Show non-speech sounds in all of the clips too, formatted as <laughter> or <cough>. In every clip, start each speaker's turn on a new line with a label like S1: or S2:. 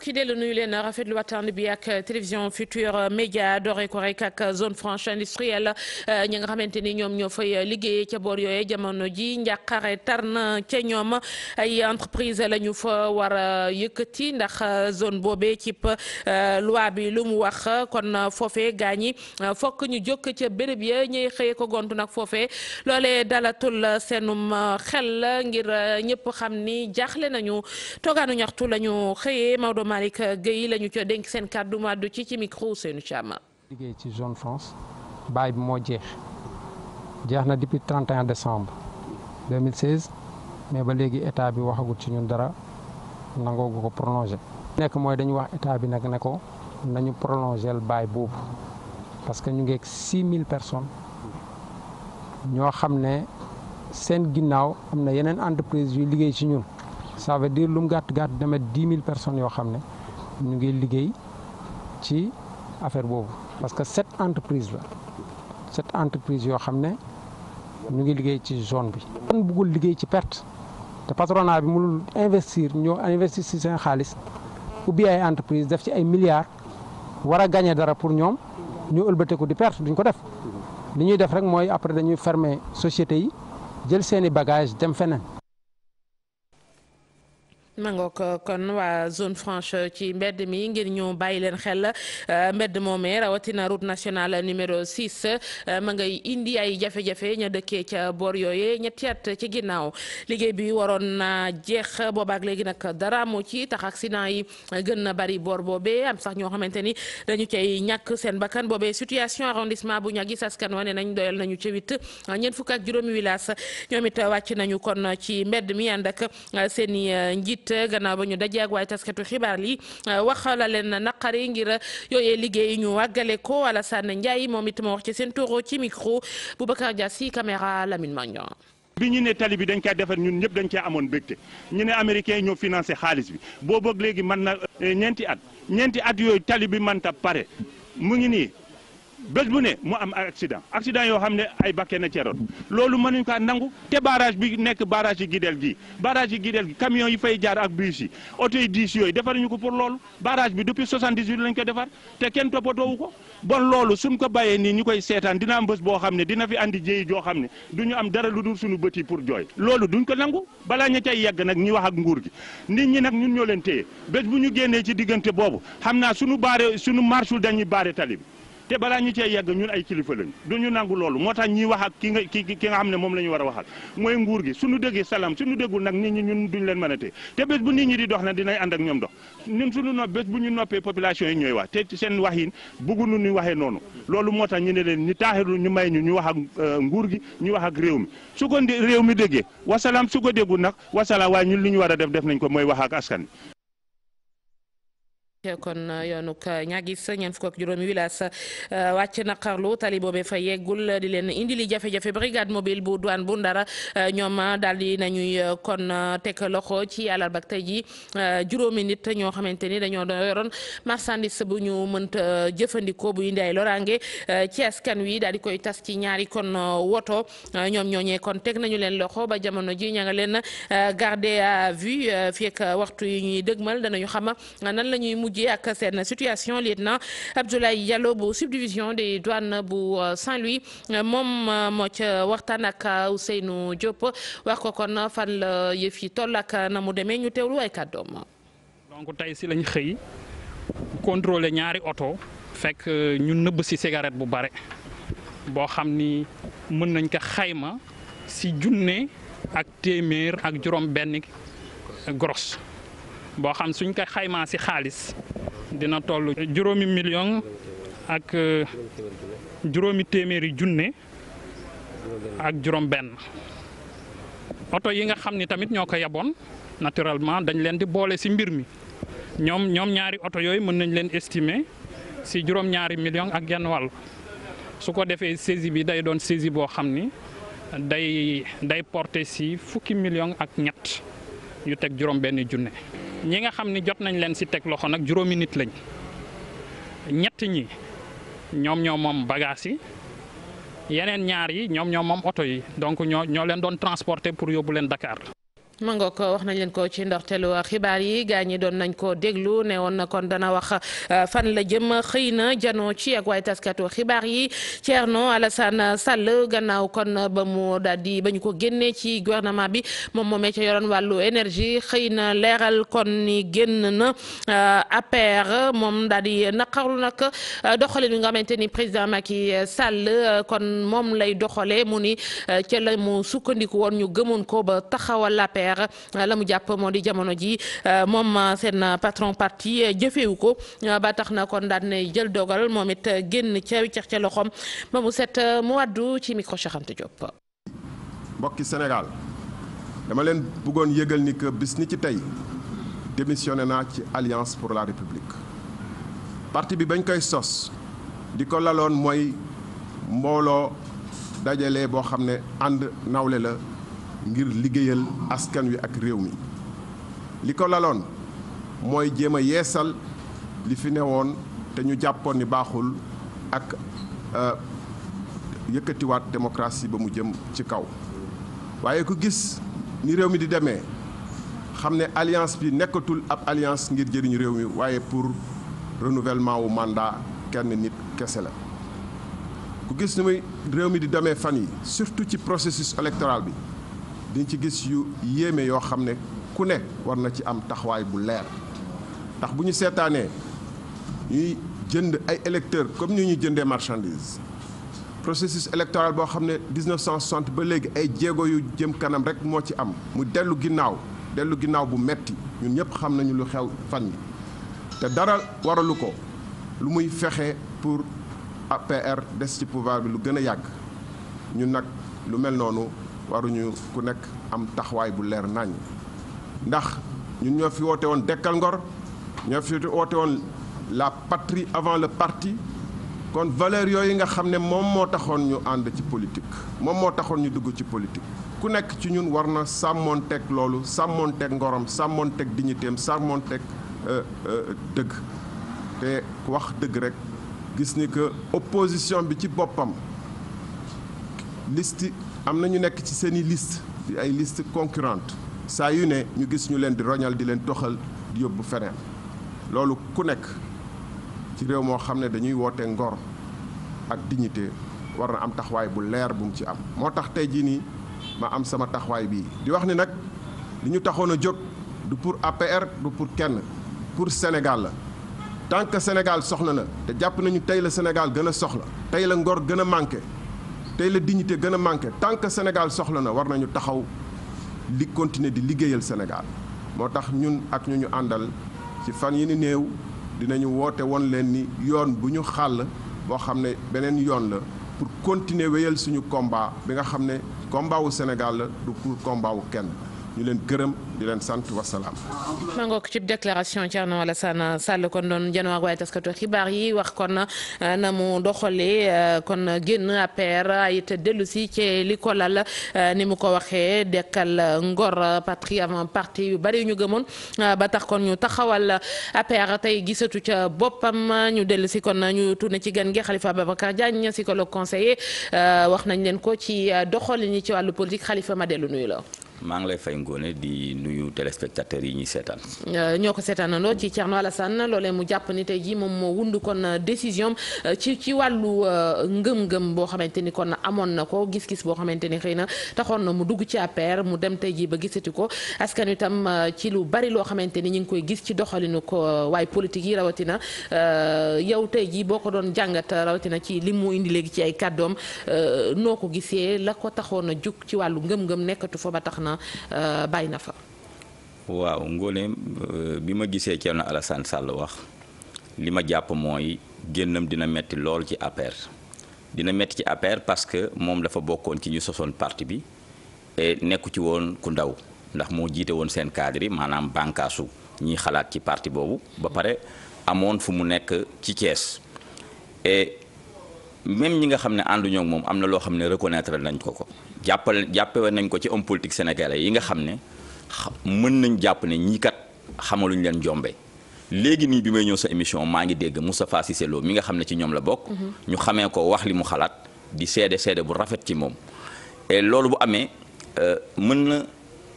S1: ki dellu nuyu leen rafetlu waxtaan bi ak télévision Futur Média doore ko rek ak zone franche industrielle ñi nga xamante ni ñoom ñoo fay liggéeyee ca boor yooye jamono ji njàqare tar na ca ñoom ay entreprise lañu ñu fa war a yëkkati ndax zone boobee cib euh, loi bi lu mu wax kon foofe gaañi fok ñu jokk ca béréb ya ñuy xëye ko gontu nag foofe loole dalatul seenum xel ngir ñëpp xam ni jaaxle nañu toogaanu ñaxtu lañu xëyee Maodo Malick Gueye yi ñu ca dénk seen kàddu màddu ci ci micro seenu Thiam.
S2: liggéey ci zone France baay bi moo jeex jeex na depuis 31 décembre 2016 mais ba léegi état bi waxagul ci ñun dara nangoogu ko prolongé. nekk mooy dañu wax état bi nag ne ko nañu prolongé baay boobu parce que ñu ngi ak mille personnes ñoo xam ne seen ginnaaw am na yeneen entreprise yuy liggéey ci ñun. ça veut dire lu mu gàtt gàtt dama dix mille personnes yoo xam ne ñu ngi liggéey ci affaire boobu parce que sept entreprise la sept entreprise yoo xam ne ñu ngi liggéey ci zone bi. buggul liggéey ci perte te patronat bi mënul investir ñoo investir ci xaalis ubbi ay entreprise def ci ay milliards war a gagner dara pour ñoom ñu ëlbateeku di perte duñ ko def li ñuy def rek mooy après dañuy fermer société yi jël seeni bagage dem feneen.
S1: mangook kon waa zone franche ci mbedd mi ngir ñu bàyyi leen xel euh, mbedd moomee rawatina route nationale numéro 6 euh, ma ngay indi ay jafe-jafe ña dëkkee ca boor yooye ñetti at ci ginnaaw liggéey bi waroon na jeex boobaak léegi nag dara moo ci tax accident yi gën na bari boor boobee am sax ñoo xamante ni dañu cay ñàkk seen bakkan boobee situation arrondissement bu ñagi askan wa ne nañ doyal nañu ci wit ñeent fukk ak juróomi wilaas ñoom it wàcc nañu gannaaw ba ñu dajee ak waaye taskatu xibaar li euh, wax la leen naqari ngir yooyee liggéey ñu wàggale ko Alassane Ndiaye moom it ma wax ci seen toro ci micro Boubacar Dia si caméra Lamine Magnon
S3: bi ñu ne tali bi dañ koy defar ñun ñëpp dañ cee amoon bégte ñu ne américain yi financé xaalis bi boo léegi man na euh, ñeenti at ñeenti at yooyu tali bi manta pare mu ngi nii bés bu ne mu am ay accident accident yoo xam ne ay bakkee na ceroon loolu mënuñ kaa nangu te barrage bi nekk barrage yi Guidel gii barrage yi Guidel gi camion yi fay jaar ak bus yi oto yi diis yooyu defaruñu ko pour loolu barrage bi depuis 78 lañ ko defar te kenn toppatoowu ko bon loolu suñ ko bàyyee nii ñu koy seetaan dina am bés boo xam ne dina fi andi jéey joo xam ne du ñu am dara lu dul suñu bët yi pour jooy loolu duñ ko nangu balaa ña cay yegg nag ñi wax ak nguur gi nit ñi nag ñun ñoo leen téye bu ñu génnee ci diggante boobu xam naa suñu baare suñu marchul dañuy baare tali te balaa ñu cee yegg ñun ay kilifa lañ du ñu nangu loolu moo tax ñiy wax ki nga ki ki nga xam ne moom lañu ñu war a waxal mooy nguur gi suñu déggee salaam suñu déggul nag nit ñi ñun duñu leen mën a te bés bu nit ñi di dox na dinañ ànd ak ñoom dox bu ñu noppee population yi ñooy wax te seen wax yi bëgguñu ñu waxee noonu loolu moo tax ñu ne leen ñi taaxiru ñu may ñu ñu wax ak euh, nguur gi ñu wax ak réew mi su ko réew mi déggee wasalaam su ko déggul nag wasalaam waaye ñun li ñu war a def def nañ ko mooy wax ak askan
S1: kon euh, yoonuk ñagis ñeent fukk ak juróomi wilaas euh, wàcc naqarlu tali boobe fa yeggul di leen indi li jafe-jafe brigade mobile bu douane bu ndara euh, ñoom daal di nañuy kon teg loxo ci àllarba ak tey ji juróomi nit ñoo xamante ni dañoo yoroon marchandise bu ñu mënta jëfandikoo bu indi ay loraange ci askan wi daal di koy tas ci ñaari kon woto ñoom ñooñee kon teg nañu leen loxo ba jamono ji ña nga leen garder à vue fekk waxtu yi ñuy dëgmal danañu xam nan lañuy mujjee ak seen situation lieutenant Abdoulaye Diallo bu subdivision des douanes bu euh, saint moom euh, moo ca waxtaan ak euh, Ousseynou Diop wax ko fan la yëf yi na mu demee ñu teewlu ay kàddoom.
S4: donc tey si lañ xëy contrôler ñaari oto fekk ñu nëbb si bu bare boo xam ni mën nañ ko xayma si junne ak téeméer ak juróom benn grosse. boo xam suñ ko xaymaa si xaalis dina toll juróomi million ak euh, juróomi téeméeri junne ak juróom benn oto yi nga xam ni tamit ñoo ko yaboon naturellement dañ leen di boole si mbir mi ñoom ñoom ñaari oto yooyu mën nañ leen estimé si juróom-ñaari million ak genn wall su ko defee saisie bi day doon saisie boo xam ni day day porté si fukki million ak ñett yu teg juróom benn junne ñi nga xam ni jot nañ leen si teg loxo nag juróomi nit lañ ñett ñi ñoom ñoo moom bagages yi yeneen ñaar yi ñoom ñoo moom oto yi donc ñoo ñoo leen doon transporter pour yóbbu leen Dakar.
S1: ma wax nañ leen ko ci ndox ndorteelu xibaar yi gaa ñi doon nañ ko déglu ne woon na kon dana wax euh, fan la jëm xëy na janoo ci ak waaye taskatu xibaar yi Thierno Alassane Sall gannaaw kon ba mu daal di ba ñu ko génnee ci gouvernement bi moom moomee ca yoroon wàllu énergie xëy na leeral kon ni génn na euh, APR moom daal di naqarlu nag euh, doxalin wi nga xamante ni président Macky Sall kon moom lay doxalee mu ni ca mu sukkandiku woon ñu gëmoon ko ba taxawal APR APR la mu jàpp moo di jamono ji moom ma seen patron parti jëfewu ko ba tax na kon daan na jël dogal moom it génn ca wiccax ca loxoom ba mu set mu wàddu ci micro Cheikh Anta Diop.
S5: Sénégal dama leen bëggoon yëgal ni que ci tey démissionné naa ci alliance pour la république parti bi bañ koy sos di ko laloon mooy mbooloo dajale boo xam ne ànd nawle la. ngir liggéeyal askan wi ak réew mi li ko laloon mooy jéem a yeesal li fi newoon te ñu jàppoon ni baaxul ak euh, yëkkatiwaat démocratie ba mu jëm ci kaw waaye ku gis ni réew mi di demee xam ne alliance bi nekkatul ab alliance ngir jëriñu réew mi waaye pour renouvellement wu mandat kenn nit kese la ku gis ni muy réew mi di demee fan yi surtout ci processus électoral bi diñ ci gis yu yéeme yoo xam ne ku ne war na ci am taxawaay bu leer ndax bu ñu seetaanee ñuy jënd ay électeurs comme ñu ñu jëndee marchandise processus électoral boo xam ne 1960 ba léegi ay jéego yu jëm kanam rek moo ci am mu dellu ginnaaw dellu ginnaaw bu metti ñun ñëpp xam nañu lu xew fan yi te dara waralu ko lu muy fexe pour APR des ci pouvoir bi lu gën a yàgg ñun nag lu mel noonu waruñu ku nekk am taxawaay bu leer nañ ndax ñu ñoo fi woote woon dekkal ngor ñoo fi woote woon la patrie avant le parti kon valeur yooyu nga xam ne moom moo taxoon ñu ànd ci politique moom moo taxoon ñu dugg ci politique ku nekk ci ñun war na sàmmoon teg loolu sàmmoon teg ngoroom sàmmoonteeg ngorom sàmmoonteeg dignitéem teg euh, euh, dëgg te wax dëgg rek gis ni que opposition bi ci boppam liste am na ñu nekk ci seen i liste di ay list concurrente saa yu ne ñu gis ñu leen di roñal di leen toxal di yóbbu feneen loolu ku nekk ci réew moo xam ne dañuy woote ngor ak dignité war na am taxawaay bu leer bu ci am moo tax tey jii nii ma am sama taxawaay bii di wax ni nag li ñu taxoon a jóg du pour APR du pour kenn pour Sénégal la tant que Sénégal soxla na te jàpp nañu tey la Sénégal gën a soxla tey la ngor gën a manqué tey la dignité gën a manqué tant que Sénégal soxla na war nañu taxaw li continuer di liggéeyal Sénégal moo tax ñun ak ñu ñu àndal ci fan yi ni néew dinañu woote woon leen ni yoon bu ñu xàll boo xam ne beneen yoon la pour continuer wéyal suñu combat bi nga xam ne combat wu Sénégal la du pour combat wu kenn ñu leen gërëm di leen sant wasalaam.
S1: maa ngoog ci déclaration Thierno Alassane Sall kon doon janoo ak waaye taskatu xibaar yi wax kon euh, na mu doxalee euh, kon génn APR ay te dellu si ci li ko lal euh, ni mu ko waxee dekkal ngor patrie avant parti yu bari ñu gëmoon ba tax kon ñu taxawal APR tey gisatu ca boppam ñu dellu si kon ñu tourné ci gan gi Khalifa si Diagne psychologue conseiller wax nañ leen ko ci doxalin yi ci wàllu politique Khalifa ma dellu nuyu la.
S6: maa ngi lay fay ngoone di nuyu téléspectateurs yi ñuy seetaan.
S1: Euh, ñoo ko seetaan seetaanandoo ci Thierno Alassane loolee mu jàpp ni tey jii moom moo wund kon euh, décision euh, ci ci wàllu ngëm-ngëm boo xamante ni kon amoon na ko gis-gis boo xamante ni xëy na taxoon na mu dugg ci APR mu dem tey jii ba gisati ko askan wi tam ci lu bari loo xamante ni ñu ngi koy gis ci doxalinu ko waaye politique yi rawatina yow tey jii boo ko doon jàngat rawatina ci li mu indi léegi ci ay kàddoom noo ko gisee la ko taxoon a jug ci wàllu ngëm-ngëm nekkatu fa ba tax na. na euh, bàyyi na fa.
S6: waaw Ngone euh, bi ma gisee Thierno Alassane Sall wax li ma jàpp mooy génnam dina metti lool ci APR dina metti ci APR parce que moom dafa bokkoon ci ñu sosoon parti bi e nekku ci woon ku ndaw ndax moo jiite woon seen cadre yi maanaam bànkaasu ñiy xalaat ci parti boobu ba pare amoon fu mu nekk ci Thiès et même ñi nga xam ne ànduñoo ak moom am na loo xam ne reconnaître nañ ko ko. jàppal jàppewoon nañ ko ci homme politique sénégalais yi nga xam ne mën nañ jàpp ne ñii kat xamaluñ leen jombe léegi nii bi may ñëw sa émission maa ngi dégg Moustapha Cissé Lo mi nga xam ne ci ñoom la bokk. Mm-hmm. ñu xamee ko wax li mu xalaat di seede seede bu rafet ci moom. et loolu bu amee euh, mën na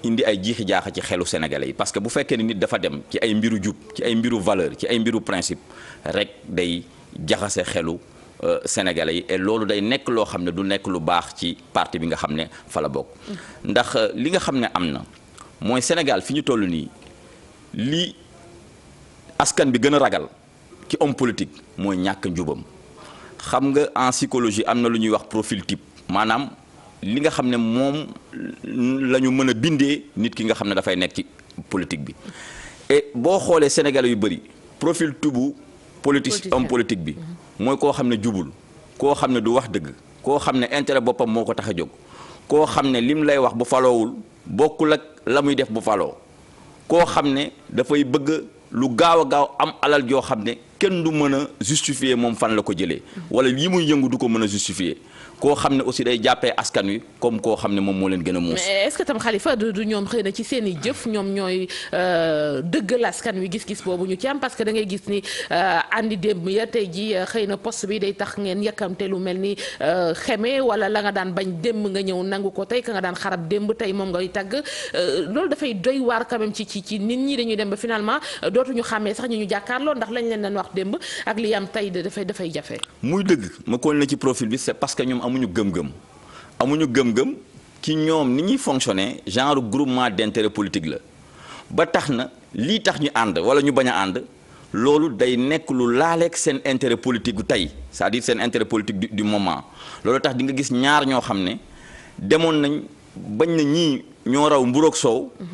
S6: indi ay jiixi jaaxa ci xelu sénégalais yi parce que bu fekkee ne nit dafa dem ci ay mbiru jub ci ay mbiru valeur ci ay mbiru principe rek day jaxase xelu. Euh, Sénégalais yi et loolu day nekk loo xam ne du nekk lu baax ci parti bi nga xam ne fala bokk. ndax euh, li nga xam ne am na mooy Sénégal fi ñu toll nii li askan bi gën a ragal ci homme politique mooy ñàkk njubam xam nga en psychologie am na lu ñuy wax profil type maanaam li nga xam ne moom la ñu mën a bindee nit ki nga xam ne dafay nekk ci politique bi et boo xoolee Sénégalais yu bëri profil tubu politique homme politique bi. Mm-hmm. mooy koo xam ne jubul koo xam ne du wax dëgg koo xam ne intérêt boppam moo ko tax a jóg koo xam ne lim lay wax bu faloowul bokkul ak la muy def bu faloo koo xam ne dafay bëgg lu gaaw a gaaw am alal yoo xam ne kenn du mën a justifier moom fan la ko jëlee wala yi muy yëngu du ko mën a justifier koo xam ne aussi day jàppee askan wi comme koo xam ne moom moo leen gën a muus.
S1: mais est-ce que tam xalifa du du ñoom xëy na ci seen i jëf ñoom ñooy euh, dëggal askan wi gis-gis boobu ñu ci am parce que da gis ni euh, andi démb ya tey ji euh, xëy na poste bi day tax ngeen yàkkamte lu mel ni xeme wala la nga daan bañ démb nga ñëw nangu ko tey ka nga daan xarab démb tey moom ngay tagg loolu dafay doy waar quand même ci ci ñi dañuy dem ba finalement démb ak li am tey de dafay dafay jafe.
S6: muy dëgg ma kool na ci profil bi c'est parce que ñoom amuñu gëm-gëm amuñu gëm-gëm ci ñoom ni ñuy fonctionner genre groupement d'intérêt politique la ba tax na lii tax ñu ànd wala ñu bañ a ànd. loolu day nekk lu laaleeg seen intérêt politique gu tey sa à seen intérêt politique du, moment loolu tax di nga gis ñaar ñoo xam ne demoon nañ bañ na ñii ñoo raw mburoog soow mhm.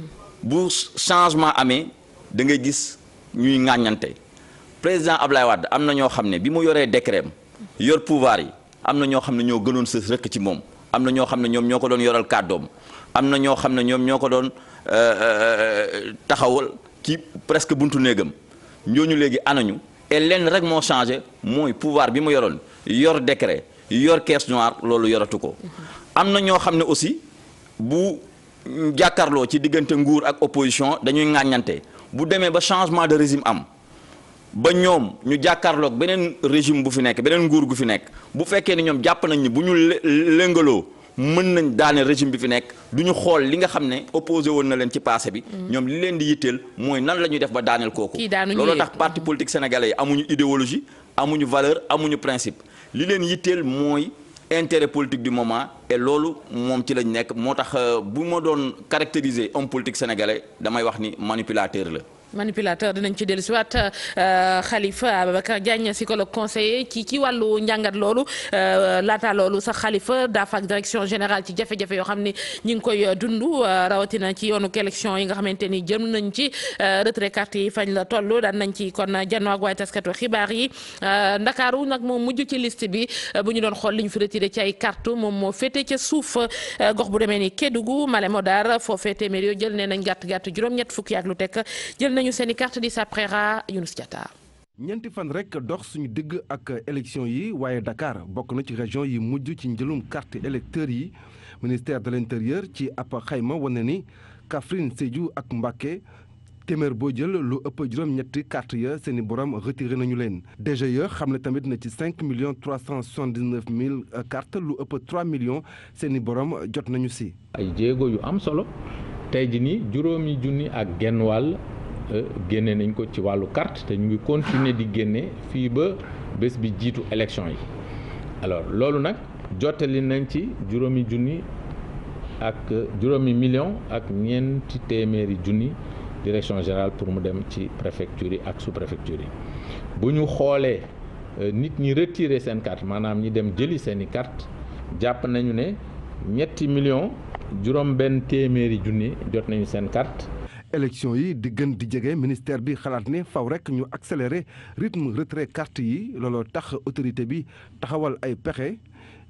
S6: bu changement amee da ngay gis ñuy ŋàññante président Ablaye Wade am na ñoo xam ne bi mu yoree décret yor pouvoir yi am na ñoo xam ne ñoo gënoon sës rëkk ci moom am na ñoo xam ne ñoom ñoo ko doon yoral kàddoom am na ñoo xam ne ñoom ñoo ko doon euh, euh, taxawal ci presque buntu néegam ñooñu léegi anañu et lenn rek moo changé mooy pouvoir bi mu yoroon yor décret yor caisse noire loolu yoratu ko am na ñoo xam ne aussi bu jàkkaarloo ci diggante nguur ak opposition dañuy ŋàññante bu demee ba changement de régime am ba ñoom ñu jàkkaarloog beneen régime bu fi nekk beneen nguur gu fi nekk bu fekkee ni ñoom jàpp nañ ni bu ñu lëngaloo mën nañ daane régime bi fi nekk du ñu xool li nga xam ne opposé woon na leen ci passé bi mm-hmm. ñoom li leen di yitteel mooy nan la def ba daaneel kooku looloo tax parti politique sénégalais yi amuñu idéologie amuñu valeur amuñu principe li leen yitteel mooy intérêt politique du moment et loolu moom ci lañ nekk moo tax euh, bu ma doon caractériser homme politique damay wax ni manipulateur la
S1: manipulateur dinañ ci dellu si waat euh, Khalifa Ababacar Diagne psychologue conseiller ci ci wàllu njàngat loolu euh, laata loolu sax xalifa daaf ak direction générale ci jafe-jafe yoo xam ne ñu ngi koy euh, dundu rawatina ci yoonu élection yi nga xamante ni jëm nañ ci retrait carte yi fañ la toll daan nañ ci kon janoo ak waaye taskatu xibaar yi Ndakaaru nag moom mujj ci liste bi bu ñu doon xool li ñu fi retiré ci ay carte moom moo féete ca suuf gox bu demee ni Kédougou Malem Hodar foofee téeméer yoo jël nee nañ gàtt gàtt juróom fukki ak lu tekk nañu seen i carte di saprera Younous Diatta
S7: fan rek dox suñu digg ak élection yi waaye Dakar bokk na ci région yi mujj ci njëlum carte électeurs yi ministère de l'intérieur ci app xayma wane ni Kaffrine Sédhiou ak Mbacké téeméer boo jël lu ëpp juróom-ñetti carte ya seeni borom retiré nañu leen DGE xam ne tamit na ci 5 millions 379 mille cartes
S8: lu ëpp 3 millions seeni borom jot nañu si. ay jéego yu am solo tey ji nii juróomi junni ak genn wàll génne nañ ko ci wàllu carte te ñu ngi continuer di génne fii ba bés bi jiitu élection yi alors loolu nag jottali nañ ci juróomi junni ak juróomi million ak ñeenti téeméeri junni direction générale pour mu dem ci préfecture yi ak sous-préfecture yi bu ñu xoolee euh, nit ñi retirer seen carte maanaam ñi dem jëli seeni carte jàpp nañu ne ñetti million juróom benn téeméeri junni jot nañu seen carte élection yi di gën di jege ministère bi xalaat ne faw rek ñu accélérer
S7: rythme retrait carte yi looloo tax autorité bi taxawal ay pexe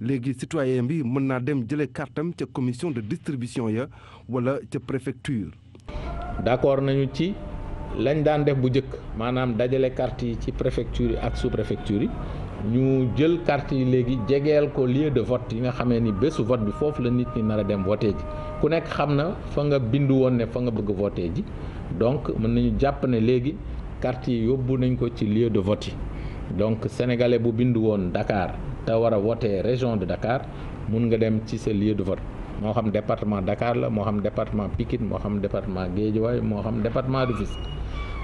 S7: léegi citoyen bi mën naa dem jële kartam ca commission de distribution ya wala ca préfecture
S8: d'accord nañu ci lañ daan def bu njëkk maanaam dajale carte yi ci préfecture yi ak sous préfecture yi ñu jël carte yi léegi jegeel ko lieu de vote yi nga xamee ni bésu vote bi foofu la nit ñi nar a dem voté ji ku nekk xam na fa nga bindu woon ne fa nga bëgg voté ji donc mën nañu jàpp ne léegi carte yi yóbbu nañ ko ci lieu de vote yi donc sénégalais bu bindu woon Dakar te war a voté région de Dakar mun nga dem ci sa lieu de vote moo xam département Dakar la moo xam département Pikine moo xam département Guédiawaye moo xam département Rufisque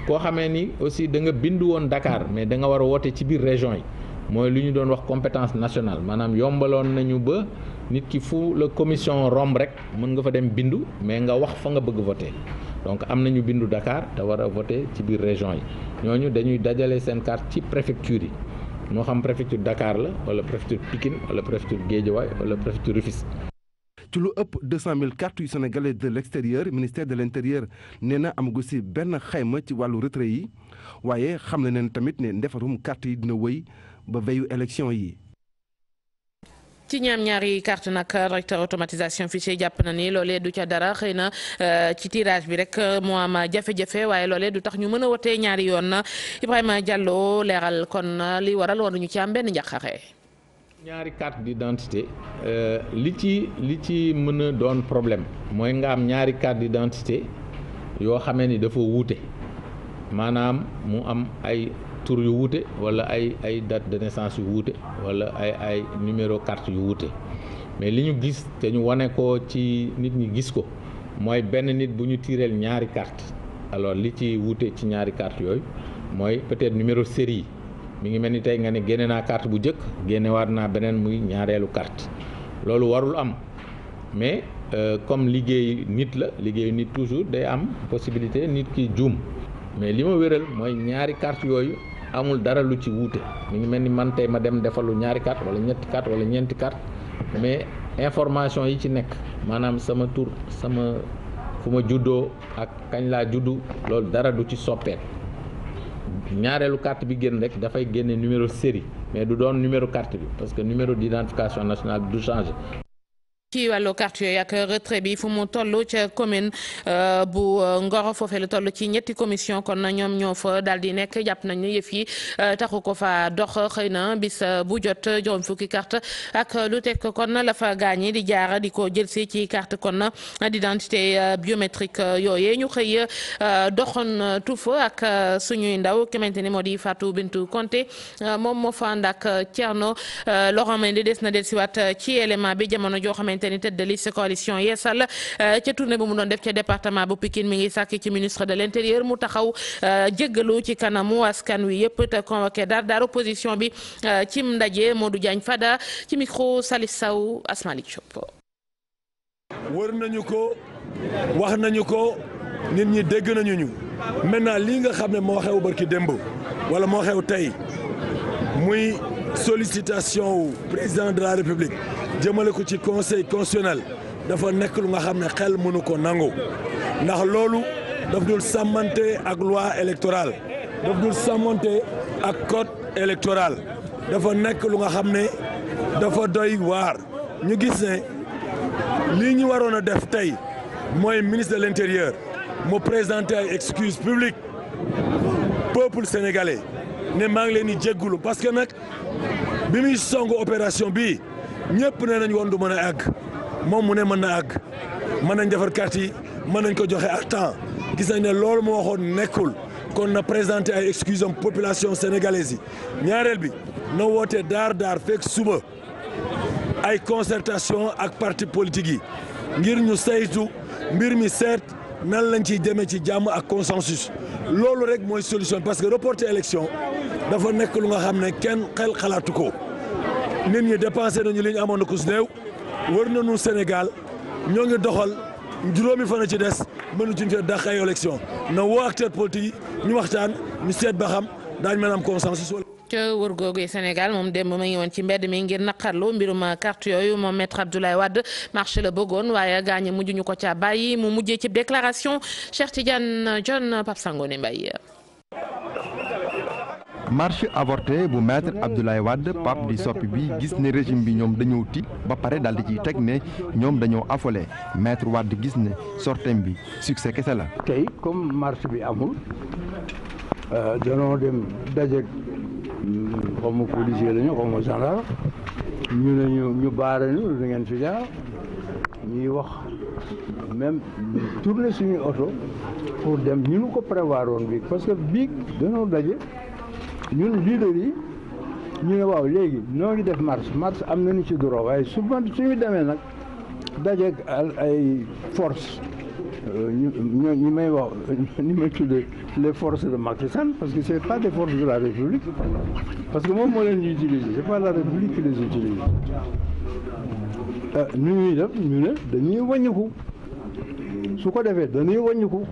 S8: koo xamee ni aussi da nga bindu woon Dakar mais da nga war a woote ci biir région yi mooy lu ñu doon wax compétence nationale maanaam yombaloon nañu ba nit ki fu la commission romb rek mën nga fa dem bindu mais nga wax fa nga bëgg voter donc am nañu bindu dakaar te war a voter ci biir région yi ñoo ñu dañuy dajale seen carte ci préfecture yi moo xam préfecture dakaar la wala préfecture Pikine wala préfecture Guédiawaye wala préfecture Rufisque. ci lu ëpp 200 000 cartes yu sénégalais de l' extérieur ministère
S7: de l' intérieur nee na amagu benn xayma ci wàllu retrait yi waaye xam na ne tamit ne ndefarum carte yi dina wëy. ba veyu élection yi.
S1: ci ñaam ñaari carte nag recteur automatisation fichier jàpp na nii loole du ca dara xëy na euh, ci tiirage bi rek euh, moo am jafe-jafe waaye loole du tax ñu mën a wotee ñaari yoon Ibrahima Diallo leeral kon li waral waruñu ci am benn njaqare.
S8: ñaari carte d'identité euh, li ci li ci mën a doon problème mooy nga am ñaari carte d'identité yoo xamee ni dafa wuute maanaam mu am ay tur yu wuute wala ay ay date de naissance yu wuute wala ay ay numéro carte yu wute mais li ñu gis te ñu wane ko ci nit ñi gis ko mooy benn nit bu ñu tiireel ñaari carte alors li ci wuute ci ñaari carte yooyu mooy peut-être numéro série mu ngi mel ni tey nga ne génne naa carte bu njëkk génnewaat naa beneen muy ñaareelu carte loolu warul am mais euh, comme liggéey nit la liggéey nit toujours day am possibilité nit ki juum mais li ma wéral mooy ñaari carte yooyu amul dara lu ci wuute mu ngi mel ni man tey ma dem defalu ñaari carte wala ñetti carte wala ñeenti carte mais information yi ci nekk maanaam sama tur sama fu ma juddoo ak kañ laa juddu loolu dara du ci soppeet ñaareelu carte bi génn rek dafay génne numéro série mais du doon numéro carte bi parce que numéro d'identification nationale bi du changé
S1: ci wàllu carte yooyu ak retrait bi fu mu toll ca commune euh, bu euh, Ngor foofee lu toll ci ñetti commission kon ñoom ñoo fa daal di nekk jàpp nañu yëf yi euh, taxu ko fa dox xëy na bis bu jot juróom fukki kart ak lu teg kon la fa gaañi di jaara di ko jël si ci carte kon na d'identité biométrique yooyee ñu xëy doxoon tuuf ak suñuy ndaw xamante ni moo di Fatou Bintou Conté moom moo fa ànd ak Thierno Laurent Mendy des na dellusiwaat ci élément bi jamono joo xamante ni tête de liste coalition yeesal euh, ca tournée bu mu doon def ca département bu Pikine mi ngi sàkk ci ministre de l' intérieur mu taxaw euh, jéggalu ci kanamu askan wi yëpp te convoqué dar dar opposition bi euh, ci ndaje Modou Diagne Fada ci micro Salif Sow Asmalik Diop.
S9: wër nañu ko wax nañu ko nit ñi dégg nañu ñu maintenant lii nga xam ne moo xew barki démb wala moo xew tey muy. sollicitation président de la république jëmale ko ci conseil constitutionnel dafa nekk lu nga xam ne xel mënu ko nangu ndax loolu daf dul sàmmante ak loi électorale daf dul sàmmante ak code électoral dafa nekk lu nga xam ne dafa doy waar ñu gis ne lii ñu waroon a def tey mooy ministre de l'intérieur mu présenté ay excuses publiques peuple sénégalais ne maa ngi leen di jéggulu parce que nag bi mi song opération bi ñëpp nee nañ woon du mën a àgg moom mu ne mën na àgg mën nañ defar carte yi mën nañ ko joxe à temps gis nañ ne loolu moo waxoon nekkul kon na présenté ay excuse am population yi ñaareel bi na woote daar daar fekk suba ay concertation ak parti politique yi ngir ñu saytu mbir mi seet nan lañ ciy demee ci jàmm ak consensus loolu rek mooy solution parce que reporter élection dafa nekk lu nga xam ne kenn xel xalaatu ko nit ñi dépensé nañu liñ amoon na ko si néew na nu Sénégal ñoo ngi doxal juróomi fan ci des mënuñu ci dàq ay élection na woo acteur politique yi ñu waxtaan ñu seet ba xam daañu mën am consensus.
S1: ca wër googu Sénégal moom démb ma ngi woon ci mbedd la bëggoon waaye gaañe mujj ñu ko ca bàyyi mu mujjee ci déclaration Cheikh Tidiane John Pape Sangone Mbaye
S7: marche avortée bu maître Abdoulaye Wade Pape di soppi bi gis ne régime bi ñoom dañoo tiit ba pare daal di ciy teg ne ñoom dañoo affolé maître Wade gis ne sortem bi succès
S10: kese la. tey comme marche bi amul euh, dañoo dem daje xaw ma policier lañu xaw ma gendarme ñu ne ñu ñu baare ñu du ngeen fi ñuy wax même tourner suñu oto pour dem ñu nu ko prévoir woon bi parce que bii dañoo daje ñun leader yi ñu ne waaw léegi noo ngi def marche marche am nañu ci droit waaye su ma suñu demee nag daje dajeeg ay force Euh, ñu euh, ñi may wax ni euh, may tuddee les forces de Macky parce que c'est pas des forces de la République parce que moom moo leen di utiliser c'est pas la République qui les utilise nu ñuy def ñu ne dañuy wàññiku su ko defee dañuy wàññiku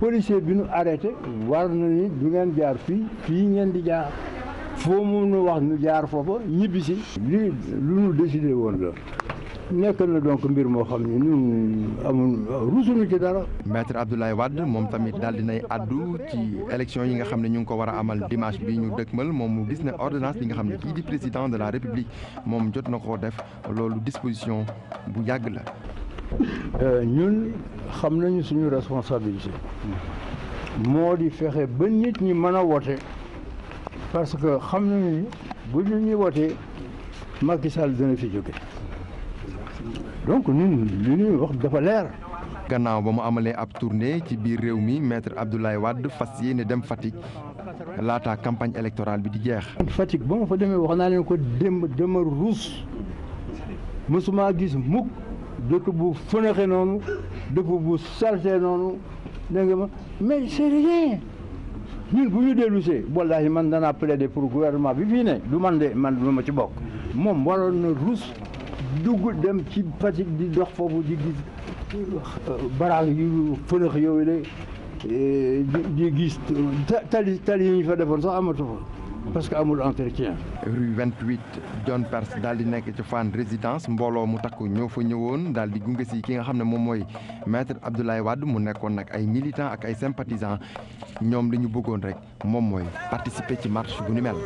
S10: policier bi nu arrêté war na ni du ngeen jaar fii fii ngeen di jaar foo mun nu wax nu jaar foofa ñibbisi lii lu nu décidé woon la nekk na donc mbir moo xam ne nu amul ruusunu ci dara. maître
S7: Abdoulaye Wade moom tamit daal dinay addu ci élection yi nga xam ne ñu ngi ko war a amal dimanche bi ñu dëkkmal moom mu gis ne ordonnance bi nga xam ne kii di président de la république moom jot na koo def loolu
S10: disposition bu yàgg la. ñun xam nañu suñu responsabilité. moo di fexe ba nit ñi mën a wote parce que xam nañu bu ñu ñuy wote Macky Sall dana fi jóge. donc ñun li ñuy wax dafa leer. gannaaw ba mu amalee ab
S7: tournée ci biir réew mi maître Abdoulaye Wade fas yéene dem Fatick laata campagne électorale bi di
S10: jeex. Fatick ba ma fa demee wax naa leen ko démb dama ruus mësuma gis mukk dëkk bu fënaxe noonu dëkk bu salte noonu dégg nga ma mais c'est rien ñun bu ñu dellusee wallaahi man danaa plaider pour gouvernement bi fii ne du man de man du ma ci bokk moom waroon na ruus. dugg dem ci Fatick di dox foofu di gis euh, baraag yu fënax yooyu de euh, di gis tali tali yi ñu fa defoon sax amatu fa
S7: parce que amul entretien. rue 28 John perce daal di nekk ci Fann résidence mbooloo mu takku ñoo fa ñëwoon daal di gunge si ki nga xam ne moom mooy maître Abdoulaye Wade mu nekkoon nag ay militants ak ay sympathisants ñoom li ñu bëggoon rek moom mooy participer ci marche bu ni mel.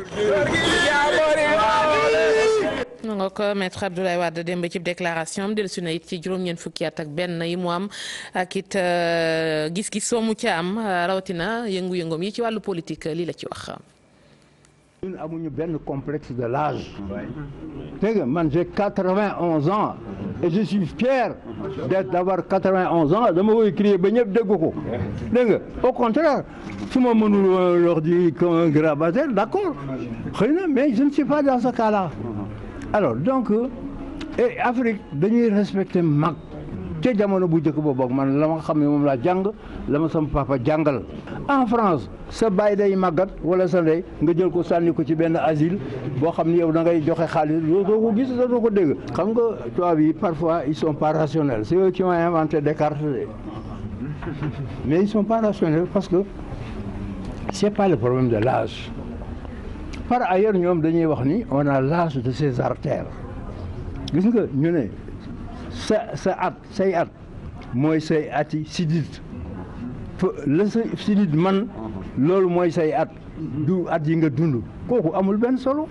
S1: mu nga ko maître Abdoulaye Wade démb ci déclaration am dellusi na ci juróom-ñeent fukki at ak benn yi am ak it euh, gis-gis soo mu ca am euh, rawatina yëngu-yëngoom yi ci wàllu politique li la ci wax.
S10: ñun amuñu benn complexe de l'âge dégg man j'ai ans et je suis fier d'être d'avoir ans dama koy crier ba ñëpp dégg ko dégg au contraire su ma mënul leur dire qu'un grabataire d'accord xëy na mais je ne suis pas dans ce cas alors donc euh, et Afrique dañuy respecté mag ca jamono bu njëkk ba boog man la ma xam ne moom laa jàng la ma sama papa jàngal en France sa baay day màggat wala sa ndey nga jël ko sànni ko ci benn asile boo xam ne yow da ngay joxe xaalis doo ko gis doo ko dégg xam nga tubaab yi parfois ils sont pas rationnels c'est eux qui ont inventé Descartes mais ils sont pas rationnels parce que c'est pas le problème de l'âge par ailleurs ñoom dañuy wax ni on a l'âge de ses artères gis nga ñu ne sa sa at say at mooy say ati sidit la sa sidit man loolu mooy say at du at yi nga dund kooku amul benn solo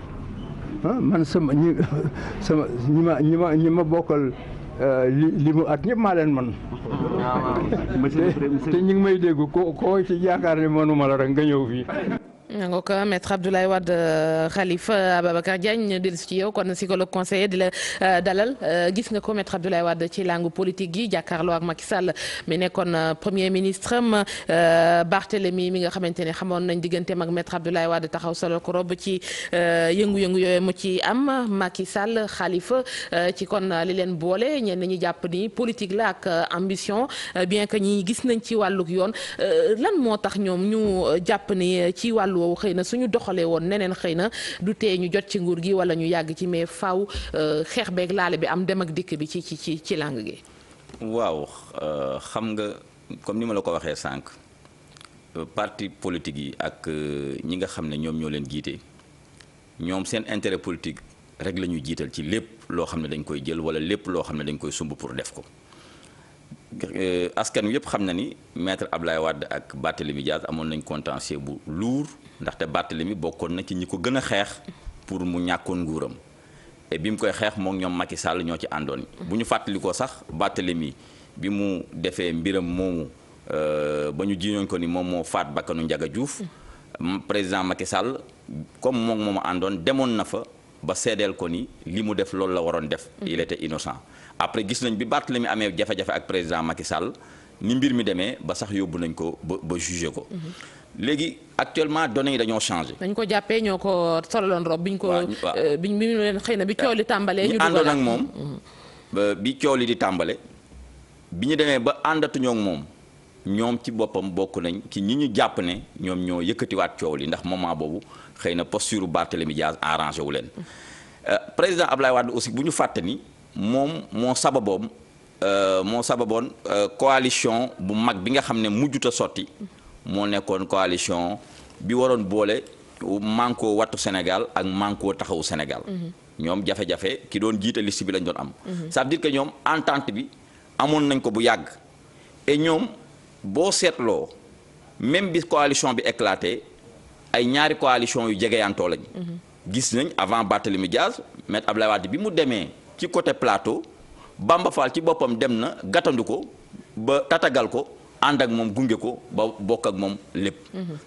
S10: man sama ñi <laughs> sama ñi ma ñi ma ñi ma bokkal euh, li li mu at ñëpp maa leen man <laughs> ah, <laughs> te ñu ngi may dégg ko koo ci yaakaar ne mënuma la rek nga ñëw fii
S1: nga ko euh, maître Abdoulaye Wade euh, Khalifa euh, Ababacar Diagne dellu si yow kon psychologue conseiller di la dalal gis nga ko maître Abdoulaye Wade ci langue politique gi jàkkaarloo ak Macky Sall mi nekkoon premier ministre am Barthélemy mi nga xamante ne xamoon nañ digganteem ak maître Abdoulaye Wade taxaw solo ko rob ci yëngu-yëngu mu ci am Macky Sall Khalifa ci kon li leen boole ñenn ñi jàpp ni politique la ak ambition bien que ñi gis nañ ci wàllug yoon lan moo tax ñoom ñu jàpp ni ci wàllu woowu xëy na suñu doxalee woon neneen xëy na du tee ñu jot ci nguur gi wala ñu yàgg ci mais faw euh, xeex beeg laale bi am dem ak dikk bi ci ci ci ci langue gi.
S6: waaw euh, xam nga comme ni ma la ko waxee sànq parti politique yi ak euh, ñi nga xam ne ñoom ñoo leen jiite ñoom seen intérêt politique rek la ñuy jiital ci lépp loo xam ne dañ koy jël wala lépp loo xam ne dañ koy sumb pour def ko. askan wi yëpp xam na ni ab Ablaye Wade ak Barthélémy Diaz amoon nañ contentieux bu lourd ndaxte Barthélemy bokkoon na ci ñi ko gën a xeex pour mu ñàkkoon nguuram bi mu koy xeex moom ñoom Macky Sall ñoo ci àndoon bu ñu fàttalikoo sax mi bi mu defee mbiram moomu euh, ba ñu jiiñoon ko ni moom moo faat bakkanu Ndiaga Diouf président Macky Sall comme moom moom àndoon demoon na fa ba seedeel ko ni li mu def loolu la waroon def il était innocent après gis nañ bi Barthélemy amee jafe-jafe ak président Macky Sall ni mbir mi demee ba sax yóbbu nañ ko ba ba ko léegi actuellement données yi dañoo changé.
S1: dañ ko jàppee ñoo ko solaloon rob biñ ko. Euh, biñ bi ñu leen xëy na bi coow li tàmbalee. ñu àndoon ak moom
S6: mm-hmm. bi coow li di tàmbale. bi ñu demee ba àndatuñoo moom ñoom ci boppam bokk nañ ci ñi ñu jàpp ne ñoom ñoo yëkkatiwaat coow li ndax moment boobu xëy na posture Barthélémy Dias arrangé wu leen. Euh, président Ablaye Wade aussi bu ñu fàtte ni moom moo sababoom euh, moo sababoon coalition bu mag bi nga xam ne mujjut a sotti. moo nekkoon coalition bi waroon boole manko wattu Sénégal ak manko taxawu Sénégal. Mhm. ñoom jafe-jafe ki doon jiite liste bi lañ doon am. Mhm. ça veut dire que ñoom entente bi amoon nañ ko bu yàgg. et ñoom boo seetloo même bi coalition bi éclaté ay ñaari coalition yu jegeyantoo lañ. Mhm. gis nañ avant Barthélemy Diaz maître Abdoulaye Wade bi mu demee ci côté plateau Bamba Fall ci boppam dem na gàttandu ko ba tatagal ko. ànd ak moom gunge ko ba bokk ak moom lépp.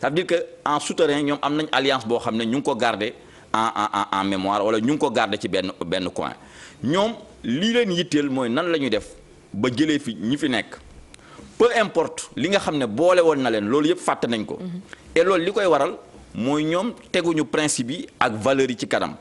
S6: ça veut dire que en souterrain ñoom am nañ alliance boo xam ne ñu ngi ko garder en en en mémoire wala ñu ngi ko garder ci benn benn coin ñoom li leen yitteel mooy nan la ñuy def ba jëlee fi ñi fi nekk. peu importe li nga xam ne boole woon na leen loolu yëpp fàtte nañ ko. et loolu li koy waral mooy ñoom teguñu principe yi ak valeur yi ci kanam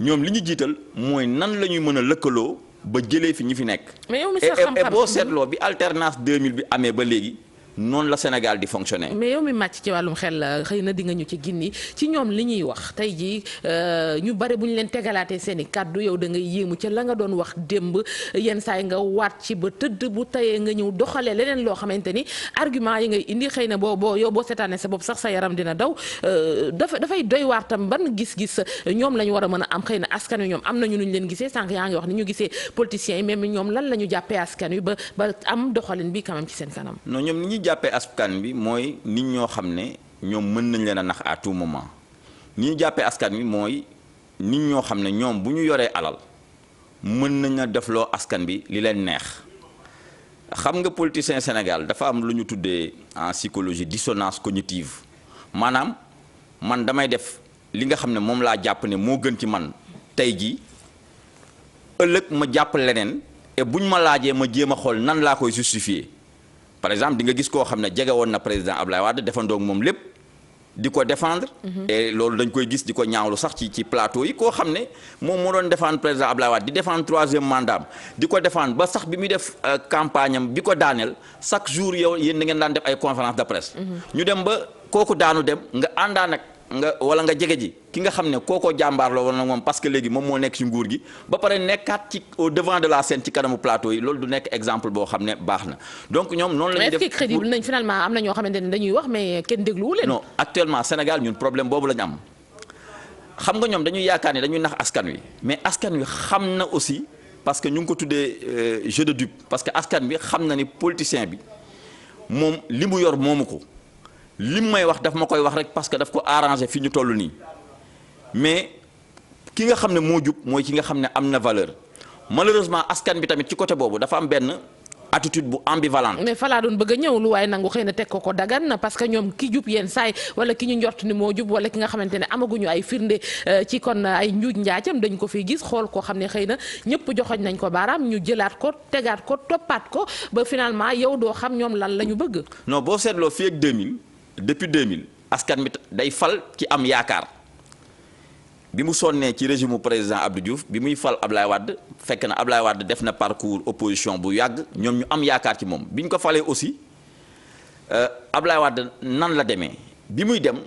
S6: ñoom li ñu jiital mooy nan la ñuy mën a lëkkaloo. ba jëlee fi ñi fi nekk. mais yow mi sax xam-xam boo seetloo bi alternance 2000 bi amee ba léegi. noonu la Sénégal di fonctionner.
S1: mais yow mi màcc ci wàllum xel xëy na dinga ñu ci ginni ci ñoom li ñuy wax tey jii euh, ñu bare bu ñu leen tegalaatee seen i kàddu yow da ngay yéemu ca la nga doon wax démb yenn saa nga ci ba tëdd bu tayee nga ñëw doxalee leneen loo xamante ni argument yi ngay indi xëy na boo boo yow boo seetaanee sa bopp sax sa yaram dina daw euh, dafa dafay doy waar tam ban gis-gis ñoom la ñu war a mën a am xëy na askan wi ñoom am nañu nu ñu leen gisee sànq yaa ngi wax ni ñu gisee politiciens yi même ñoom lan la ñu jàppee askan wi ba am doxalin bi quand même seen kanam
S6: ñuy jàppee askan bi mooy nit ñoo xam ne ñoom mën nañ leen a nax à tout moment ni ñu jàppee askan bi mooy nit ñoo xam ne ñoom bu ñu yoree alal mën nañ a defloo askan bi li leen neex xam nga politicien Sénégal dafa am lu ñu tuddee en psychologie dissonance cognitive maanaam man damay def li nga xam ne moom laa jàpp ne moo gën ci man tey jii ëllëg ma jàpp leneen et buñ ma laajee ma jéem a xool nan laa koy justifier par exemple di nga gis koo xam ne jege woon na président Ablaye Wade defandoo ak moom lépp di ko défendre. Mhm. et loolu dañ koy gis di ko ñaawlu sax ci ci plateau yi koo xam ne moom moo doon défendre président Ablaye Wade di défendre troisième mandat di ko défendre ba sax bi muy def euh, campagne am bi ko daaneel chaque jour yow yéen da ngeen daan def ay conférence de presse. Mhm. ñu dem ba kooku daanu dem nga àndaan ak nga wala nga jege ji ki nga xam ne kookoo jàmbaar la na moom parce que léegi moom moo nekk ci nguur gi ba pare nekkaat ci au devant de la scène ci kanamu plateau yi loolu du nekk exemple boo xam ne baax na donc ñoom noonu la ñuy def mais est-ce que crédible
S1: nañ finalement am na ñoo xamante ne dañuy wax mais kenn dégluwu leen. non
S6: actuellement Sénégal ñun problème boobu la am xam nga ñoom dañuy yaakaar ne dañuy nax askan wi mais askan wi xam na aussi parce que ñu ngi ko tuddee euh, jeu dupe parce que askan bi xam na ni politicien bi moom li mu yor moomu ko. lim may wax dafa ma koy wax rek parce que daf ko arrangé fi ñu tollu nii mais ki nga xam ne moo jub mooy ki nga xam ne am na valeur malheureusement askan bi tamit ci côté boobu dafa am benn attitude bu ambivalente.
S1: mais fa laa doon bëgg a ñëw lu waaye nangu xëy na teg ko ko dagan na parce que ñoom ki jub yenn saay wala ki ñu njort ni moo jub wala ki nga xamante ne amaguñu ay firnde euh, ci kon ay njuuj njaajam dañ ko fi gis xool koo xam ne xëy na ñëpp joxoñ nañ ko baaraam ñu jëlaat ko tegaat ko toppaat ko ba finalement yow doo xam ñoom lan la ñu bëgg.
S6: non boo seetloo fii ak 2000. depuis 2000 askan mi day fal ci am yaakaar bi mu sonnee ci régime président Abdou Diouf bi muy fal Ablaye Wade fekk na Ablaye Wade def na parcours opposition bu yàgg ñoom ñu am yaakaar ci moom bi ñu ko falee aussi euh, Ablaye Wade nan la demee bi muy dem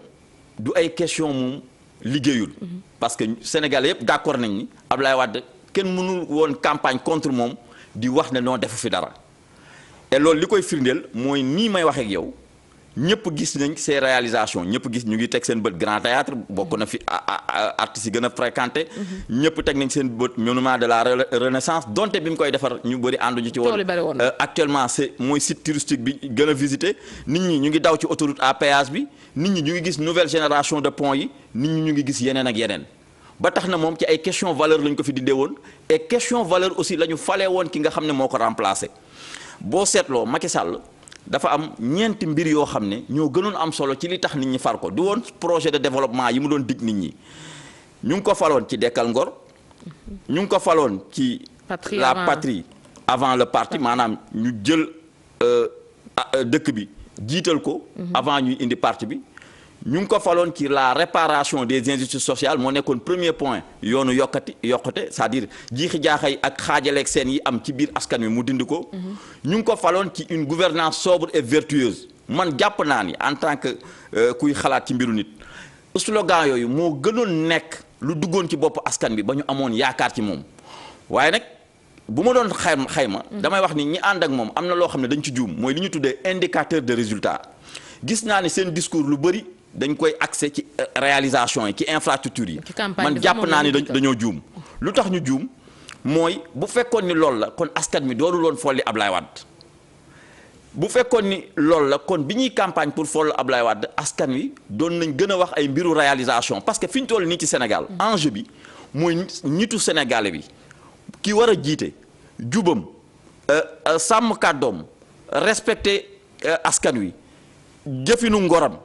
S6: du ay question moom liggéeyul. Mhm. parce que Sénégalais yëpp d'accord nañ ni Ablaye Wade kenn mënul woon campagne contre moom di wax ne noo def fi dara te loolu li koy firndeel mooy nii may waxeek yow. ñëpp gis nañ ses réalisation ñëpp gis ñu ngi teg seen bët grand théâtre bokk na fi artistes yi gën a fréquenté mhm. ñëpp teg nañ seen bët monument de la renaissance donte bi mu koy defar ñu bëri ànduñu ci woon euh, actuellement c'est mooy site touristique bi gën a visité nit ñi ñu ngi daw ci autoroute à péage bi nit ñi ñu ngi gis nouvelle génération de pont yi nit ñi ñu ngi gis yeneen ak yeneen ba tax na moom ci ay question valeur lañ ko fi dindee woon et question valeur aussi la ñu falee woon ki nga xam ne moo ko remplacé boo seetloo Macky Sall dafa am ñeenti mbir yoo xam ne ñoo gënoon am solo ci li tax nit ñi far ko du woon projet de développement yi mu doon dig nit ñi ñu ngi ko faloon ci dekkal ngor ñu ngi ko faloon ci la patrie avant le parti maanaam ñu jël euh, euh, dëkk bi jiital ko mhm. avant ñuy indi parti bi ñu ngi ko faloon ci la réparation des injustices sociales moo nekkoon premier point yoonu yokkati yokkate c'est-à-dire jiixi jaaxay ak xaajaleeg seen yi am ci biir askan wi mu dindi ko. Mhm. ñu ngi ko faloon ci une gouvernance sobre et vertueuse man jàpp naa ni en tant que euh, kuy xalaat ci mbiru nit slogan yooyu moo gënoon nekk lu duggoon ci bopp askan bi ba ñu amoon yaakaar ci moom waaye nag. bu ma doon xayma xayma mhm. damay wax ni ñi ànd ak moom am na loo xam ne dañ ci juum mooy li ñu tuddee indicateur de résultat gis naa ne seen discours lu bëri dañ koy accès ci euh, réalisation yi ci infrastructure yi man jàpp naa ni dañoo juum lu tax ñu juum mooy bu fekkoon ni loolu la kon askan mi doonul woon folli Ablaye bu fekkoon ni loolu la kon bi ñuy campagne pour folli Ablaye askan wi doon nañ gën a wax ay mbiru réalisation parce que fi ñu toll nii ci Sénégal enjeu bi mooy ñitu sénégalais bi ki war a jiite jubam euh, euh, sàmm kàddoom respecter askan wi jëfinu ngoram